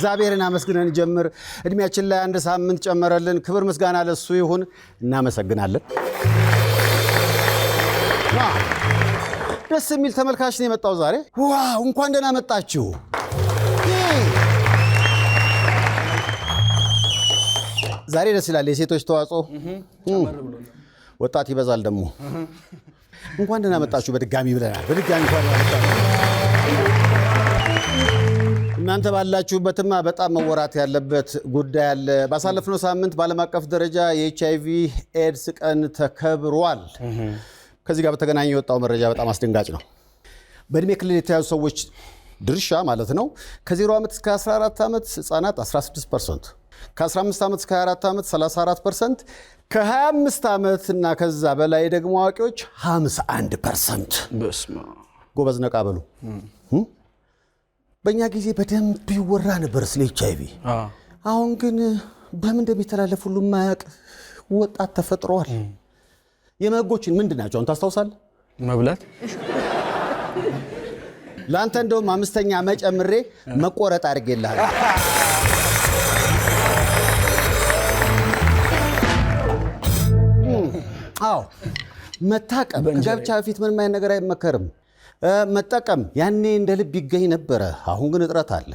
እግዚአብሔርን አመስግነን ጀምር። እድሜያችን ላይ አንድ ሳምንት ጨመረልን። ክብር ምስጋና ለሱ ይሁን። እናመሰግናለን። ደስ የሚል ተመልካች ነው የመጣው ዛሬ። ዋው! እንኳን ደህና መጣችሁ። ዛሬ ደስ ይላል። የሴቶች ተዋጽኦ ወጣት ይበዛል ደግሞ። እንኳን ደህና መጣችሁ በድጋሚ ብለናል። በድጋሚ እንኳን እናንተ ባላችሁበትማ በጣም መወራት ያለበት ጉዳይ አለ። ባሳለፍነው ሳምንት በዓለም አቀፍ ደረጃ የኤች ቪ ኤድስ ቀን ተከብሯል። ከዚህ ጋር በተገናኘ የወጣው መረጃ በጣም አስደንጋጭ ነው። በእድሜ ክልል የተያዙ ሰዎች ድርሻ ማለት ነው ከ0 ዓመት እስከ 14 ዓመት ህጻናት 16 ፐርሰንት፣ ከ15 ዓመት እስከ 24 ዓመት 34 ፐርሰንት፣ ከ25 ዓመት እና ከዛ በላይ ደግሞ አዋቂዎች 51 ፐርሰንት። ጎበዝ ነቃ በሉ በእኛ ጊዜ በደንብ ይወራ ነበር ስለ ኤች አይቪ። አሁን ግን በምን እንደሚተላለፍ ሁሉ የማያውቅ ወጣት ተፈጥሯል። የመጎችን ምንድን ናቸው አሁን ታስታውሳለህ? መብላት ለአንተ እንደውም አምስተኛ መጨምሬ መቆረጥ አድርጌልሃል። አዎ መታቀብ ከጋብቻ በፊት ምንም አይነት ነገር አይመከርም። መጠቀም ያኔ እንደ ልብ ይገኝ ነበረ። አሁን ግን እጥረት አለ።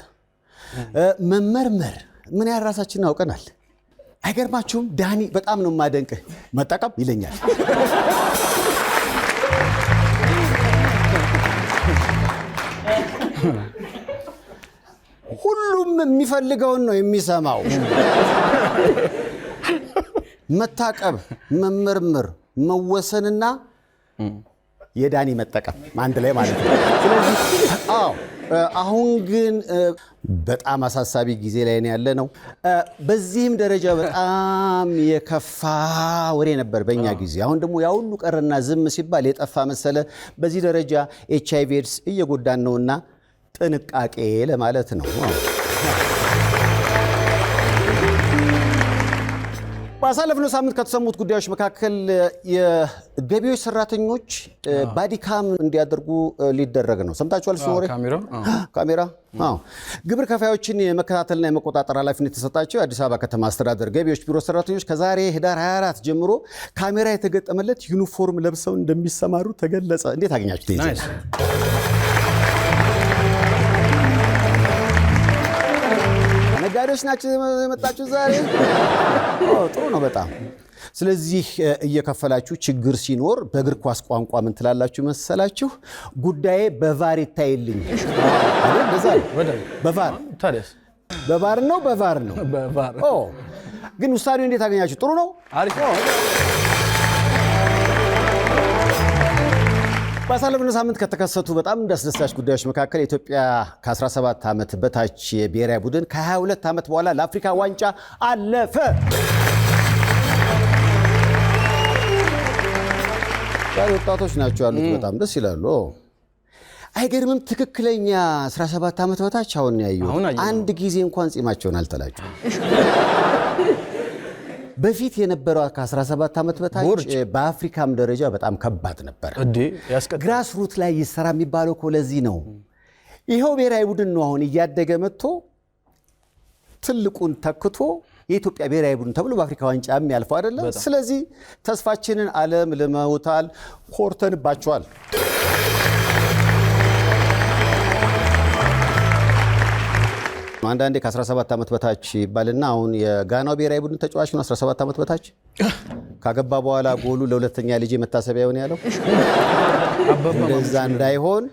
መመርመር ምን ያህል ራሳችንን አውቀናል? አይገርማችሁም? ዳኒ በጣም ነው የማደንቅህ። መጠቀም ይለኛል። ሁሉም የሚፈልገውን ነው የሚሰማው። መታቀብ፣ መመርመር፣ መወሰንና የዳኒ መጠቀም አንድ ላይ ማለት ነው። ስለዚህ አሁን ግን በጣም አሳሳቢ ጊዜ ላይ ያለ ነው። በዚህም ደረጃ በጣም የከፋ ወሬ ነበር በእኛ ጊዜ። አሁን ደግሞ ያ ሁሉ ቀረና ዝም ሲባል የጠፋ መሰለ። በዚህ ደረጃ ኤች አይ ቪ ኤድስ እየጎዳን ነውና ጥንቃቄ ለማለት ነው። ባሳለፍነው ሳምንት ከተሰሙት ጉዳዮች መካከል የገቢዎች ሰራተኞች ባዲካም እንዲያደርጉ ሊደረግ ነው። ሰምታችኋል? ሲኖሬ ካሜራ ግብር ከፋዮችን የመከታተልና የመቆጣጠር ኃላፊነት የተሰጣቸው የአዲስ አበባ ከተማ አስተዳደር ገቢዎች ቢሮ ሰራተኞች ከዛሬ ህዳር 24 ጀምሮ ካሜራ የተገጠመለት ዩኒፎርም ለብሰው እንደሚሰማሩ ተገለጸ። እንዴት አገኛችሁ? ተማሪዎች ናቸው የመጣችሁ ዛሬ። ጥሩ ነው በጣም ስለዚህ እየከፈላችሁ ችግር ሲኖር በእግር ኳስ ቋንቋ ምን ትላላችሁ መሰላችሁ? ጉዳዬ በቫር ይታይልኝ። በቫር በቫር ነው በቫር ነው። ግን ውሳኔው እንዴት አገኛችሁ? ጥሩ ነው። ባሳለፍነው ሳምንት ከተከሰቱ በጣም እንዳስደሳች ጉዳዮች መካከል የኢትዮጵያ ከ17 ዓመት በታች የብሔራዊ ቡድን ከ22 ዓመት በኋላ ለአፍሪካ ዋንጫ አለፈ። ወጣቶች ናቸው ያሉት፣ በጣም ደስ ይላሉ። አይገርምም? ትክክለኛ 17 ዓመት በታች አሁን ያዩ አንድ ጊዜ እንኳን ጺማቸውን አልተላጩም። በፊት የነበረው ከ17 ዓመት በታች በአፍሪካም ደረጃ በጣም ከባድ ነበር። ግራስ ሩት ላይ ይሰራ የሚባለው እኮ ለዚህ ነው። ይኸው ብሔራዊ ቡድን ነው አሁን እያደገ መጥቶ ትልቁን ተክቶ የኢትዮጵያ ብሔራዊ ቡድን ተብሎ በአፍሪካ ዋንጫ የሚያልፈው አይደለም። ስለዚህ ተስፋችንን አለም ልመውታል፣ ኮርተንባቸዋል። አንዳንዴ ከ17 ዓመት በታች ይባልና አሁን የጋናው ብሔራዊ ቡድን ተጫዋች ነው 17 ዓመት በታች ካገባ በኋላ ጎሉ ለሁለተኛ ልጅ መታሰቢያ ሆን ያለው እንደዛ እንዳይሆን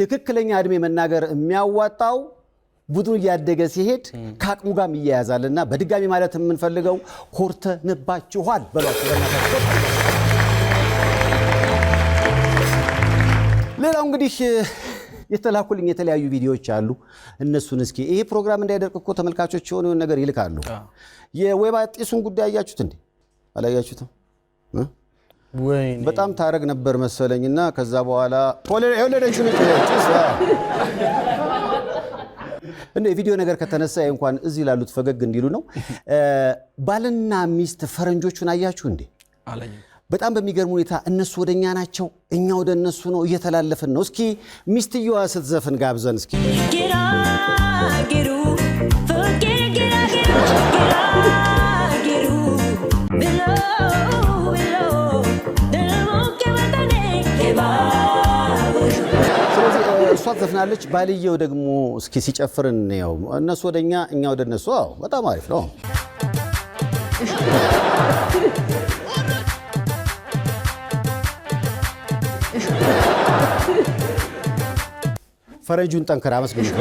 ትክክለኛ እድሜ መናገር የሚያዋጣው ቡድኑ እያደገ ሲሄድ ከአቅሙ ጋርም ይያያዛልና በድጋሚ ማለት የምንፈልገው ኮርተንባችኋል በሏቸው። ሌላው እንግዲህ የተላኩልኝ የተለያዩ ቪዲዮዎች አሉ። እነሱን እስኪ ይሄ ፕሮግራም እንዳይደርቅ እኮ ተመልካቾች የሆነ ነገር ይልካሉ። የወይባ ጢሱን ጉዳይ አያችሁት እንዴ? አላያችሁትም? በጣም ታረግ ነበር መሰለኝና ከዛ በኋላ እንደ የቪዲዮ ነገር ከተነሳ እንኳን እዚህ ላሉት ፈገግ እንዲሉ ነው። ባልና ሚስት ፈረንጆቹን አያችሁ እንዴ? በጣም በሚገርም ሁኔታ እነሱ ወደ እኛ ናቸው፣ እኛ ወደ እነሱ ነው፣ እየተላለፍን ነው። እስኪ ሚስትየዋ ስትዘፍን ጋብዘን እስኪ እሷ ትዘፍናለች፣ ባልየው ደግሞ እስኪ ሲጨፍርን ያው እነሱ ወደ እኛ፣ እኛ ወደ እነሱ። በጣም አሪፍ ነው። ፈረንጁን ጠንከር አመስግኑት።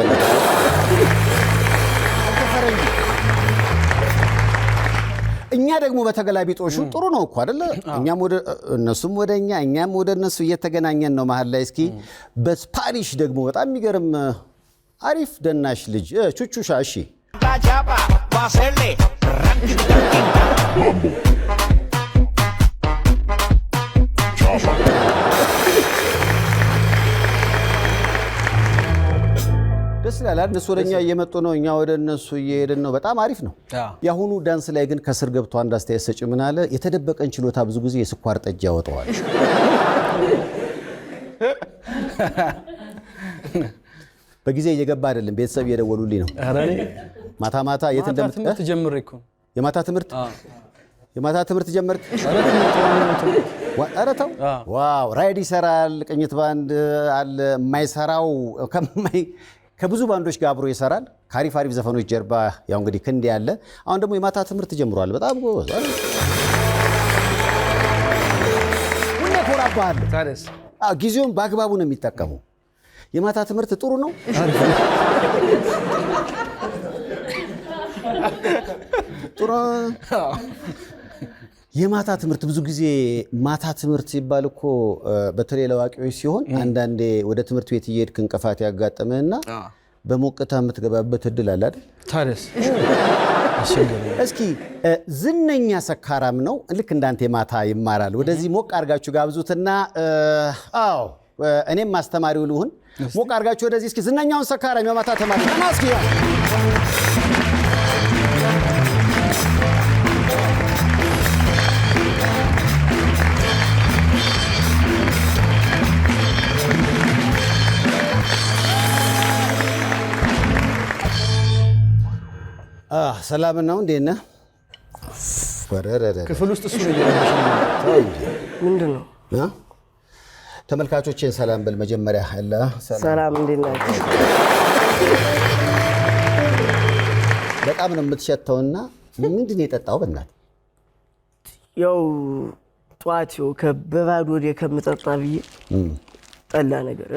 እኛ ደግሞ በተገላቢጦሹ ጥሩ ነው እኮ አደለ? እኛም ወደ እነሱም ወደ እኛ እኛም ወደ እነሱ እየተገናኘን ነው መሀል ላይ። እስኪ በስፓኒሽ ደግሞ በጣም የሚገርም አሪፍ ደናሽ ልጅ ቹቹሻ እሺ ደስ ይላል። እነሱ ወደ እኛ እየመጡ ነው፣ እኛ ወደ እነሱ እየሄድን ነው። በጣም አሪፍ ነው። የአሁኑ ዳንስ ላይ ግን ከስር ገብቶ አንድ አስተያየት ሰጪ ምን አለ? የተደበቀን ችሎታ ብዙ ጊዜ የስኳር ጠጅ ያወጣዋል። በጊዜ እየገባ አይደለም። ቤተሰብ እየደወሉልኝ ነው። ማታ ማታ የት እንደምትጀምር የማታ ትምህርት የማታ ትምህርት ጀመርክ? ኧረ ተው። ዋው ራይድ ይሰራል፣ ቅኝት ባንድ አለ። የማይሰራው ከብዙ ባንዶች ጋር አብሮ ይሰራል። ከአሪፍ አሪፍ ዘፈኖች ጀርባ ያው እንግዲህ ክንድ ያለ አሁን ደግሞ የማታ ትምህርት ጀምሯል። በጣም ጎበዝ ጊዜውን በአግባቡ ነው የሚጠቀሙ። የማታ ትምህርት ጥሩ ነው። ጥሩ የማታ ትምህርት ብዙ ጊዜ ማታ ትምህርት ሲባል እኮ በተለይ ለአዋቂዎች ሲሆን አንዳንዴ ወደ ትምህርት ቤት እየሄድክ እንቅፋት ያጋጠመህና በሞቅታ የምትገባበት እድል አለ አይደል? ታዲያስ እስኪ ዝነኛ ሰካራም ነው ልክ እንዳንተ የማታ ይማራል። ወደዚህ ሞቅ አድርጋችሁ ጋብዙትና፣ አዎ እኔም አስተማሪው ልሁን። ሞቅ አድርጋችሁ ወደዚህ እስኪ ዝነኛውን ሰካራም የማታ ተማሪ ሰላም ነው። እንዴት ነህ? ክፍል ውስጥ እሱ ምንድን ነው? ተመልካቾቼን ሰላም በል መጀመሪያ። ሰላም እንዴት ናቸው? በጣም ነው የምትሸተውና ምንድን የጠጣው? በእናትህ ያው ጠዋት ው በባዶ ወዴ ከምጠጣ ብዬ ጠላ ነገር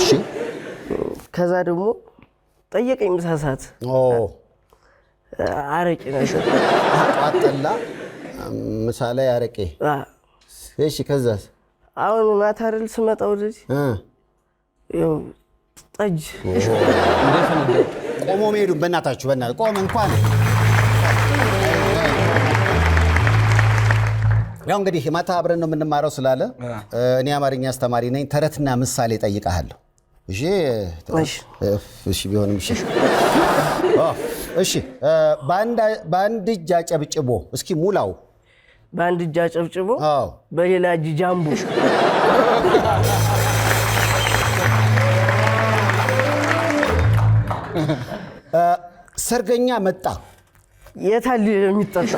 እሺ። ከዛ ደግሞ ጠየቀኝ ምሳ ሰዓት አረቄ ነው የሸጠው። ጠዋት ጠላ፣ ምሳ ላይ አረቄ። እሺ፣ ከዛስ? አሁን ማታ አይደል ስመጣ ወደዚህ ጠጅ ቆሞ መሄዱን በእናታችሁ በእናትህ ቆም እንኳን ያው እንግዲህ ማታ አብረን ነው የምንማረው ስላለ እኔ አማርኛ አስተማሪ ነኝ። ተረትና ምሳሌ ጠይቀሃለሁ። እሺ ቢሆንም እሺ እሺ፣ በአንድ እጅ አጨብጭቦ እስኪ ሙላው። በአንድ እጅ አጨብጭቦ፣ በሌላ እጅ ጃምቦ። ሰርገኛ መጣ። የታል የሚጠጣ?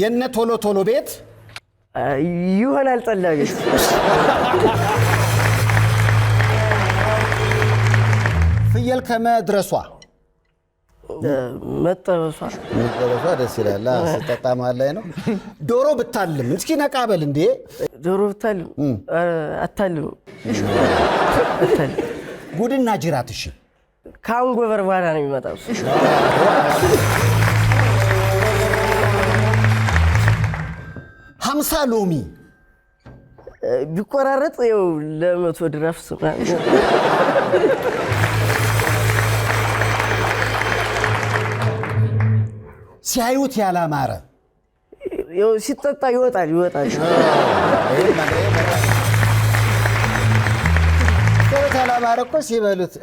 የነ ቶሎ ቶሎ ቤት ይሆናል ጠላ ቤት ፍየል ከመድረሷ መጠበሷ ደስ ይላል። ስጠጣ መሀል ላይ ነው። ዶሮ ብታልም እስኪ ነቃበል እንዴ! ዶሮ ብታልም አታልም ጉድና ጅራት። እሺ ጎበር በኋላ ነው የሚመጣው። ሀምሳ ሎሚ ቢቆራረጥ ው ለመቶ ድረፍስ ሲያዩት ያላማረ ሲጠጣ ይወጣል ይወጣል ሲያዩት ያላማረ እኮ ሲበሉት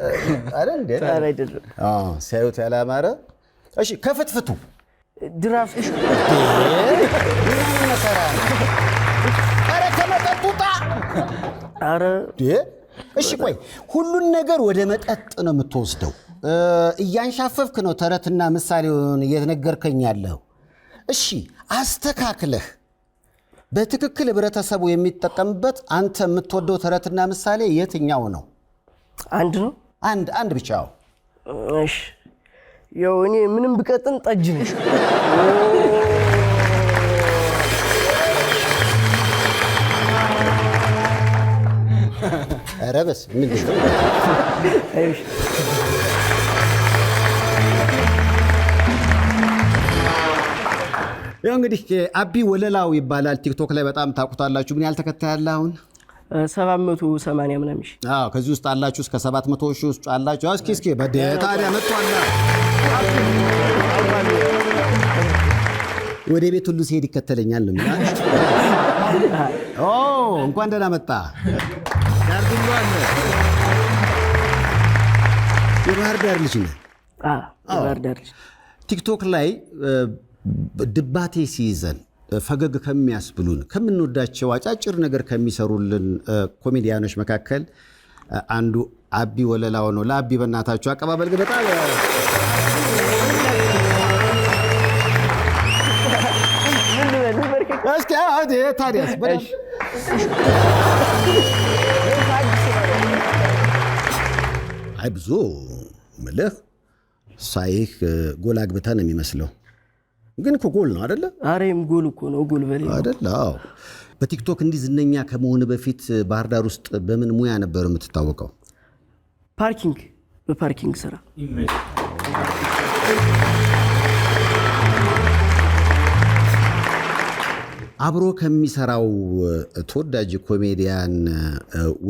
ሲያዩት ያላማረ። እሺ ከፍትፍቱ ድራፍት ኧረ ውጣ ኧረ እሺ ቆይ ሁሉን ነገር ወደ መጠጥ ነው የምትወስደው እያንሻፈፍክ ነው ተረትና ምሳሌውን እየነገርከኝ ያለው። እሺ አስተካክለህ በትክክል ህብረተሰቡ የሚጠቀምበት አንተ የምትወደው ተረትና ምሳሌ የትኛው ነው? አንድ ነው። አንድ አንድ ብቻው። እሺ ያው እኔ ምንም ብቀጥን ጠጅ ነው። ኧረ በስመ አብ ያው እንግዲህ አቢ ወለላው ይባላል። ቲክቶክ ላይ በጣም ታውቁታላችሁ። ምን ያህል ተከታይ አለ አሁን? ሰባት መቶ ሰማንያ ምናምን ሺህ። አዎ ከዚህ ውስጥ አላችሁ እስከ ሰባት መቶ ሺህ ውስጥ አላችሁ። እስኪ እስኪ ታዲያ መጥቷና ወደ ቤት ሁሉ ሲሄድ ይከተለኛል ነው ኦ እንኳን ደህና መጣ የባህር ዳር ልጅ ነህ። ቲክቶክ ላይ ድባቴ ሲይዘን ፈገግ ከሚያስብሉን ከምንወዳቸው አጫጭር ነገር ከሚሰሩልን ኮሜዲያኖች መካከል አንዱ አቢ ወለላው ነው። ለአቢ በእናታቸው አቀባበል ግን በጣም ታዲያስ አይ ብዙ ምልህ ሳይህ ጎላ ነው የሚመስለው ግን እኮ ጎል ነው አደለ? አሬም ጎል እኮ ነው ጎል በሌ አደለ? አዎ። በቲክቶክ እንዲህ ዝነኛ ከመሆን በፊት ባህር ዳር ውስጥ በምን ሙያ ነበር የምትታወቀው? ፓርኪንግ፣ በፓርኪንግ ስራ። አብሮ ከሚሰራው ተወዳጅ ኮሜዲያን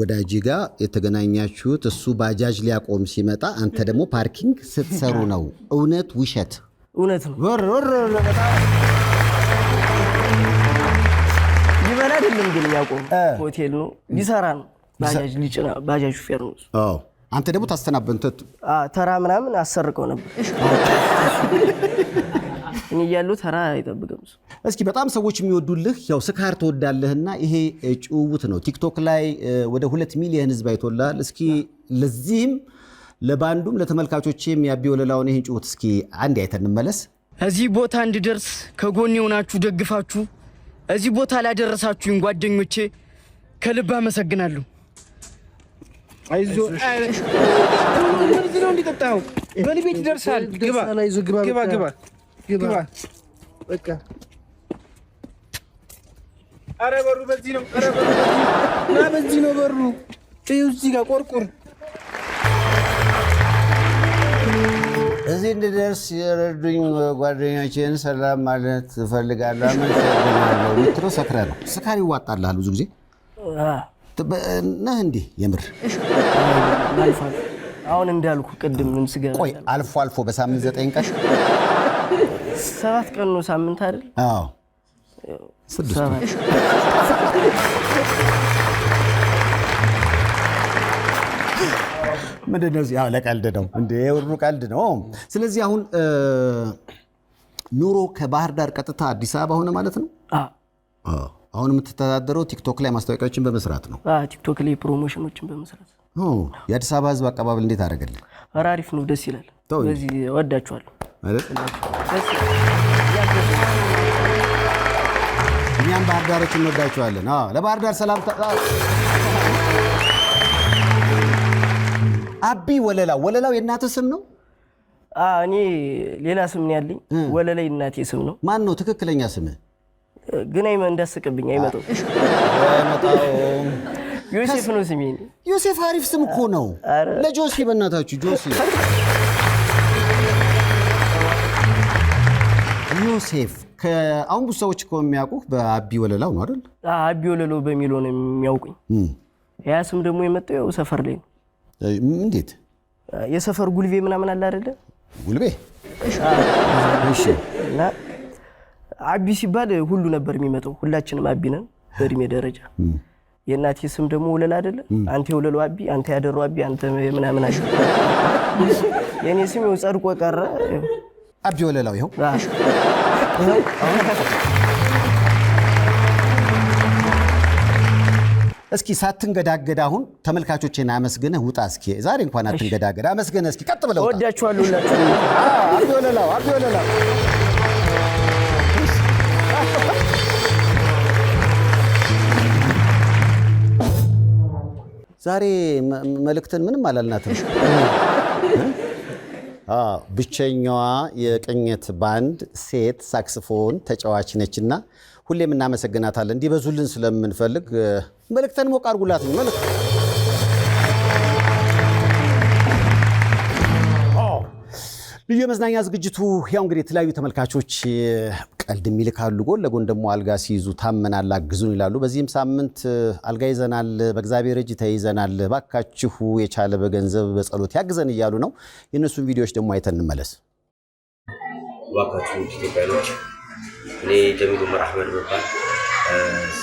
ወዳጅ ጋር የተገናኛችሁት እሱ ባጃጅ ሊያቆም ሲመጣ አንተ ደግሞ ፓርኪንግ ስትሰሩ ነው። እውነት ውሸት? እውነት ነው። ወር ወር ይበላ አይደለም ግን ያቆም ሆቴል ነው ሊሰራ ነው። ባጃጅ ሊጭና ባጃጅ ሹፌር ነው። አዎ አንተ ደግሞ ታስተናበንተት ተራ ምናምን አሰርቀው ነበር። እኔ እያለሁ ተራ አይጠብቅም። እስኪ በጣም ሰዎች የሚወዱልህ ያው ስካር ትወዳለህና ይሄ ጭውውት ነው። ቲክቶክ ላይ ወደ ሁለት ሚሊየን ህዝብ አይቶላል። እስኪ ለዚህም ለባንዱም ለተመልካቾች ያቢ ወለላውን ይህን ጩኸት እስኪ አንድ አይተን እንመለስ። እዚህ ቦታ እንድደርስ ከጎን የሆናችሁ ደግፋችሁ እዚህ ቦታ ላደረሳችሁኝ ጓደኞቼ ከልብ አመሰግናለሁ። አይዞ ነው በዚህ ነው። በሩ በዚህ ነው። በሩ እዚህ ጋር ቆርቁር እዚህ እንድደርስ የረዱኝ ጓደኞቼን ሰላም ማለት እፈልጋለሁ። አመሰግናለሁ የምትለው ሰክረህ ነው። ስካር ይዋጣልሃል ብዙ ጊዜ ነህ እንዲህ የምር አሁን እንዳልኩ ቅድም ስገባ ቆይ አልፎ አልፎ በሳምንት ዘጠኝ ቀን ሰባት ቀን ነው ሳምንት አይደል? አዎ ስድስት ምንድነው? ለቀልድ ነው እንደ የወሩ ቀልድ ነው። ስለዚህ አሁን ኑሮ ከባህር ዳር ቀጥታ አዲስ አበባ ሆነ ማለት ነው። አሁን የምትተዳደረው ቲክቶክ ላይ ማስታወቂያዎችን በመስራት ነው። ቲክቶክ ላይ ፕሮሞሽኖችን በመስራት የአዲስ አበባ ህዝብ አቀባበል እንዴት አደረገልን? ኧረ አሪፍ ነው፣ ደስ ይላል። በዚህ እወዳችኋለሁ። እኛም ባህር ዳሮች እንወዳችኋለን። ለባህር ዳር አቢ ወለላ ወለላው የእናትህ ስም ነው? እኔ ሌላ ስም ነው ያለኝ። ወለላ የእናቴ ስም ነው። ማን ነው ትክክለኛ ስምህ? ግን አይመ እንዳስቅብኝ አይመጣው ዮሴፍ ነው ስሜ። ዮሴፍ አሪፍ ስም እኮ ነው። ለጆሲ በእናታችሁ ጆሲ ዮሴፍ አሁን ብዙ ሰዎች እኮ የሚያውቁህ በአቢ ወለላው ነው አይደል? አቢ ወለላው በሚለው ነው የሚያውቁኝ። ያ ስም ደግሞ የመጣው ያው ሰፈር ላይ ነው እንዴት የሰፈር ጉልቤ ምናምን አለ አይደለ? ጉልቤ እሺ። እና አቢ ሲባል ሁሉ ነበር የሚመጣው። ሁላችንም አቢ ነን በእድሜ ደረጃ። የእናቴ ስም ደግሞ ወለል አይደለ? አንተ የወለሉ አቢ፣ አንተ ያደሩ አቢ፣ አንተ ምናምን አሽ። የእኔ ስም ጸድቆ ቀረ። አቢ ወለላው ይኸው እስኪ ሳትንገዳገድ አሁን ተመልካቾችን አመስግነህ ውጣ። እስኪ ዛሬ እንኳን አትንገዳገድ፣ አመስግነህ እስኪ ቀጥ ብለው ወዳችኋለሁ። አቢወለላው ዛሬ መልእክትን ምንም አላልናትም። ብቸኛዋ የቅኝት ባንድ ሴት ሳክስፎን ተጫዋች ነችና ሁሌም እናመሰግናታለን እንዲበዙልን ስለምንፈልግ መልእክተን ሞቅ አድርጉላት ነው መልእክት። ልዩ የመዝናኛ ዝግጅቱ ያው እንግዲህ የተለያዩ ተመልካቾች ቀልድ የሚልካሉ፣ ጎን ለጎን ደግሞ አልጋ ሲይዙ ታመናል አግዙን ይላሉ። በዚህም ሳምንት አልጋ ይዘናል፣ በእግዚአብሔር እጅ ተይዘናል፣ ባካችሁ የቻለ በገንዘብ በጸሎት ያግዘን እያሉ ነው። የእነሱን ቪዲዮዎች ደግሞ አይተን እንመለስ። ባካችሁ ኢትዮጵያኖች፣ እኔ ጀሚሉ መርሐመድ በባል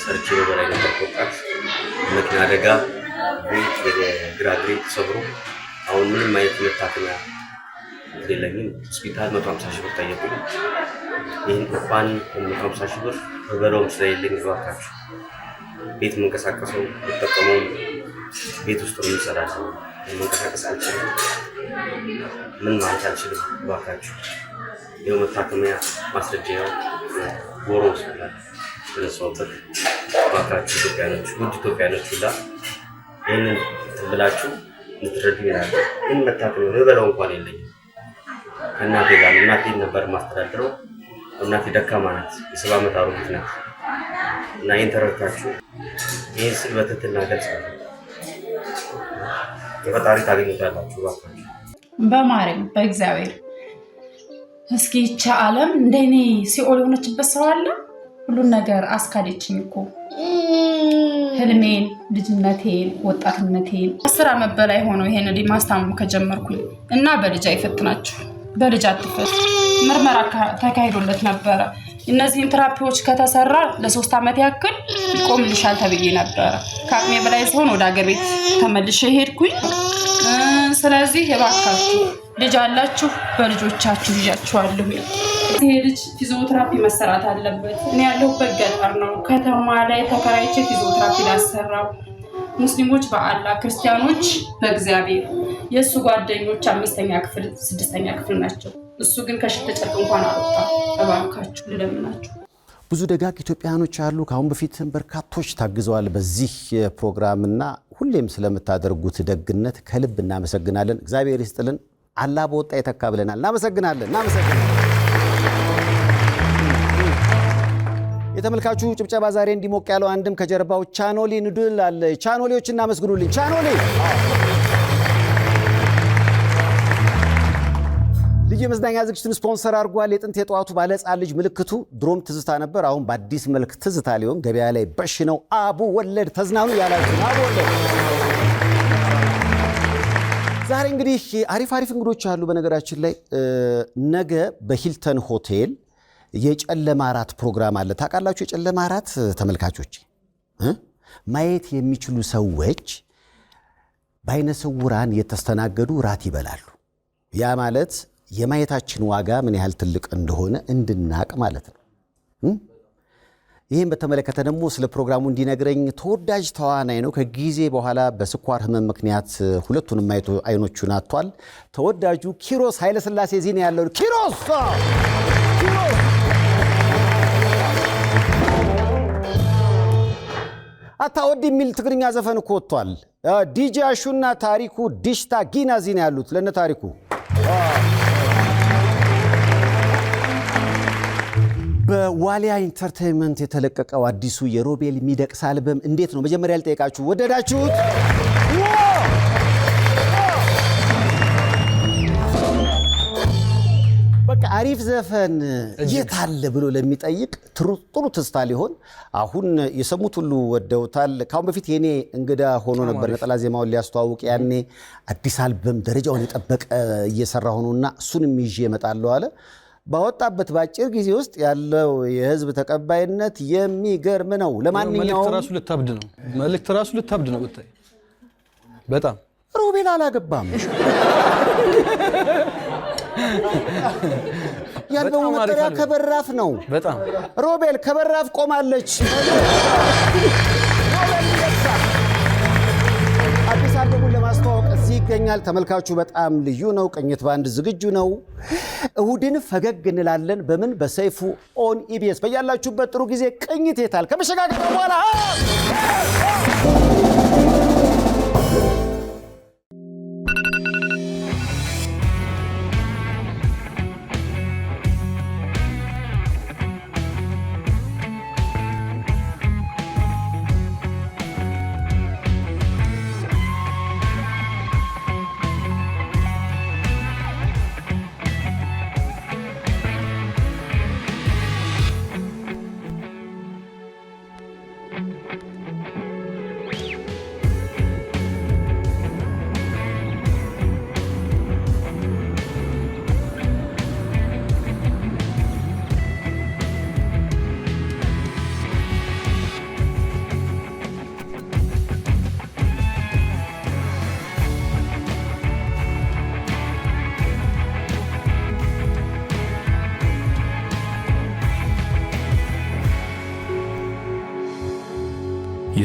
ሰርጅሮ በላይ ወጣት መኪና አደጋ ቤት የግራ እግሬ ተሰብሮ አሁን ምንም አይነት መታከሚያ የለኝም። ሆስፒታል መቶ ሀምሳ ሺህ ብር ጠየቁኝ። ይህን ቁርባን መቶ ሀምሳ ሺህ ብር በበለውም ስለሌለኝ እባካችሁ ቤት መንቀሳቀሰው የጠቀመው ቤት ውስጥ ነው የሚሰራ ሰው መንቀሳቀስ አልችልም። ምን ማለት አልችልም። እባካችሁ የመታከሚያ ማስረጃ ያው ጎሮ ስላለ ስለ ሰው ብር ባካችሁ ኢትዮጵያኖች፣ ውድ ኢትዮጵያኖች ሁላ ይህንን ትብላችሁ ልትረዱ ይላል። ግን መታከል ነው የበለው እንኳን የለኝም ከእናቴ ጋር እናቴ ነበር ማስተዳድረው። እናቴ ደካማ ናት፣ የሰባ ዓመት አሮጊት ናት። እና ይህን ተረድታችሁ ይህን ስል በትትና ገልጻለሁ። የፈጣሪ ታገኙታላችሁ ባካችሁ በማርያም በእግዚአብሔር። እስኪ ይቻ ዓለም እንደኔ ሲኦል የሆነችበት ሰው አለ? ሁሉን ነገር አስካደችኝ እኮ ህልሜን፣ ልጅነቴን፣ ወጣትነቴን አስር አመት በላይ ሆነው ይሄን ልጅ ማስታመም ከጀመርኩኝ እና በልጅ አይፈትናችሁ፣ በልጅ አትፈት። ምርመራ ተካሂዶለት ነበረ። እነዚህን ትራፒዎች ከተሰራ ለሶስት ዓመት ያክል ይቆምልሻል ተብዬ ነበረ። ከአቅሜ በላይ ሲሆን ወደ ሀገር ቤት ተመልሼ ሄድኩኝ። ስለዚህ የባካችሁ ልጅ አላችሁ፣ በልጆቻችሁ ይዣችኋለሁ። ይሄ ልጅ ፊዚዮትራፒ መሰራት አለበት። እኔ ያለሁበት ገጠር ነው። ከተማ ላይ ተከራይቼ ፊዚዮትራፒ ላሰራው። ሙስሊሞች በአላህ ክርስቲያኖች በእግዚአብሔር። የእሱ ጓደኞች አምስተኛ ክፍል ስድስተኛ ክፍል ናቸው። እሱ ግን ከሽል ጨርቅ እንኳን አልወጣ። እባካችሁ ልለምናችሁ። ብዙ ደጋግ ኢትዮጵያውያኖች አሉ። ከአሁን በፊትም በርካቶች ታግዘዋል በዚህ ፕሮግራምና ሁሌም ስለምታደርጉት ደግነት ከልብ እናመሰግናለን። እግዚአብሔር ይስጥልን። አላህ በወጣ የተካ ብለናል። እናመሰግናለን። እናመሰግናለን። የተመልካቹ ጭብጨባ ዛሬ እንዲሞቅ ያለው አንድም ከጀርባው ቻኖሊ ንድል አለ። ቻኖሊዎች እናመስግኑልኝ። ቻኖሊ ልዩ የመዝናኛ ዝግጅቱን ስፖንሰር አድርጓል። የጥንት የጠዋቱ ባለጻ ልጅ ምልክቱ ድሮም ትዝታ ነበር፣ አሁን በአዲስ መልክ ትዝታ ሊሆን ገበያ ላይ በሽ ነው። አቡ ወለድ ተዝናኑ ያላችሁ አቡ ወለድ ዛሬ እንግዲህ አሪፍ አሪፍ እንግዶች አሉ። በነገራችን ላይ ነገ በሂልተን ሆቴል የጨለማ አራት ፕሮግራም አለ ታውቃላችሁ። የጨለማ አራት ተመልካቾች ማየት የሚችሉ ሰዎች በአይነ ስውራን የተስተናገዱ ራት ይበላሉ። ያ ማለት የማየታችን ዋጋ ምን ያህል ትልቅ እንደሆነ እንድናቅ ማለት ነው። ይህም በተመለከተ ደግሞ ስለ ፕሮግራሙ እንዲነግረኝ ተወዳጅ ተዋናይ ነው። ከጊዜ በኋላ በስኳር ህመም ምክንያት ማየቱ አይኖቹን አጥቷል። ተወዳጁ ኪሮስ ኃይለስላሴ ። ዜና ያለው ኪሮስ አታወድ የሚል ትግርኛ ዘፈን እኮ ወጥቷል። አሹና ታሪኩ ዲሽታ ጊናዚ ነው ያሉት ለነ ታሪኩ በዋሊያ ኢንተርቴንመንት የተለቀቀው አዲሱ የሮቤል ሚደቅስ አልበም እንዴት ነው? መጀመሪያ ልጠይቃችሁ፣ ወደዳችሁት? በቃ አሪፍ ዘፈን የት አለ ብሎ ለሚጠይቅ ጥሩ ትዝታ ሊሆን አሁን የሰሙት ሁሉ ወደውታል። ካሁን በፊት የኔ እንግዳ ሆኖ ነበር ነጠላ ዜማውን ሊያስተዋውቅ ያኔ አዲስ አልበም ደረጃውን የጠበቀ እየሰራ ሆኖና እሱንም ይዤ እመጣለሁ አለ። ባወጣበት በአጭር ጊዜ ውስጥ ያለው የህዝብ ተቀባይነት የሚገርም ነው። ለማንኛውም ራሱ ልታብድ ነው። መልእክት ራሱ ልታብድ ነው። ብታይ በጣም ሮቤል አላገባም ያለው መጠሪያ ከበራፍ ነው። በጣም ሮቤል ከበራፍ ቆማለች። አዲስ አልበሙን ለማስተዋወቅ እዚህ ይገኛል። ተመልካቹ በጣም ልዩ ነው። ቅኝት ባንድ ዝግጁ ነው። እሁድን ፈገግ እንላለን። በምን በሰይፉ ኦን ኢቢኤስ። በያላችሁበት ጥሩ ጊዜ። ቅኝት የታል ከመሸጋገር በኋላ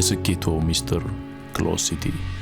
የስኬቶ ሚስጥር ክሎዝ ሲቲ